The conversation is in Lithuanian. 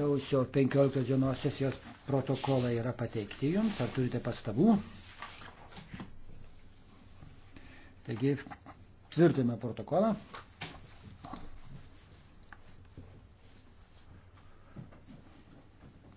Sausio 15 dienos sesijos protokolai yra pateikti jums. Ar turite pastabų? Taigi, tvirtiname protokolą.